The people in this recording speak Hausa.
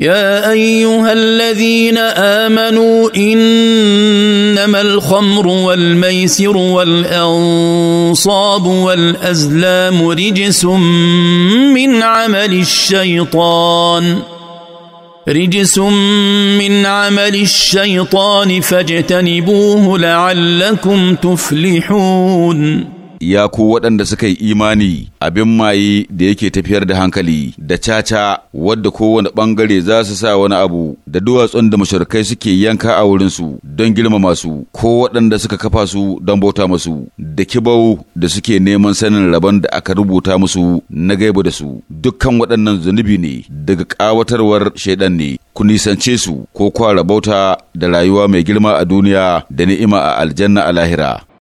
يا ايها الذين امنوا انما الخمر والميسر والانصاب والازلام رجس من عمل الشيطان رجس من عمل الشيطان فاجتنبوه لعلكم تفلحون ya ku waɗanda suka yi imani abin maye da yake tafiyar da hankali da caca wadda kowane ɓangare za su sa wani abu da duwatsun da mashirkai suke yanka a wurinsu don girmama su ko waɗanda suka kafa su don bauta masu da kibau da suke neman sanin rabon da aka rubuta musu na gaibu da su dukkan waɗannan zunubi ne daga ƙawatarwar shaidan ne ku nisance su ko kwara bauta da rayuwa mai girma a duniya da ni'ima a aljanna a lahira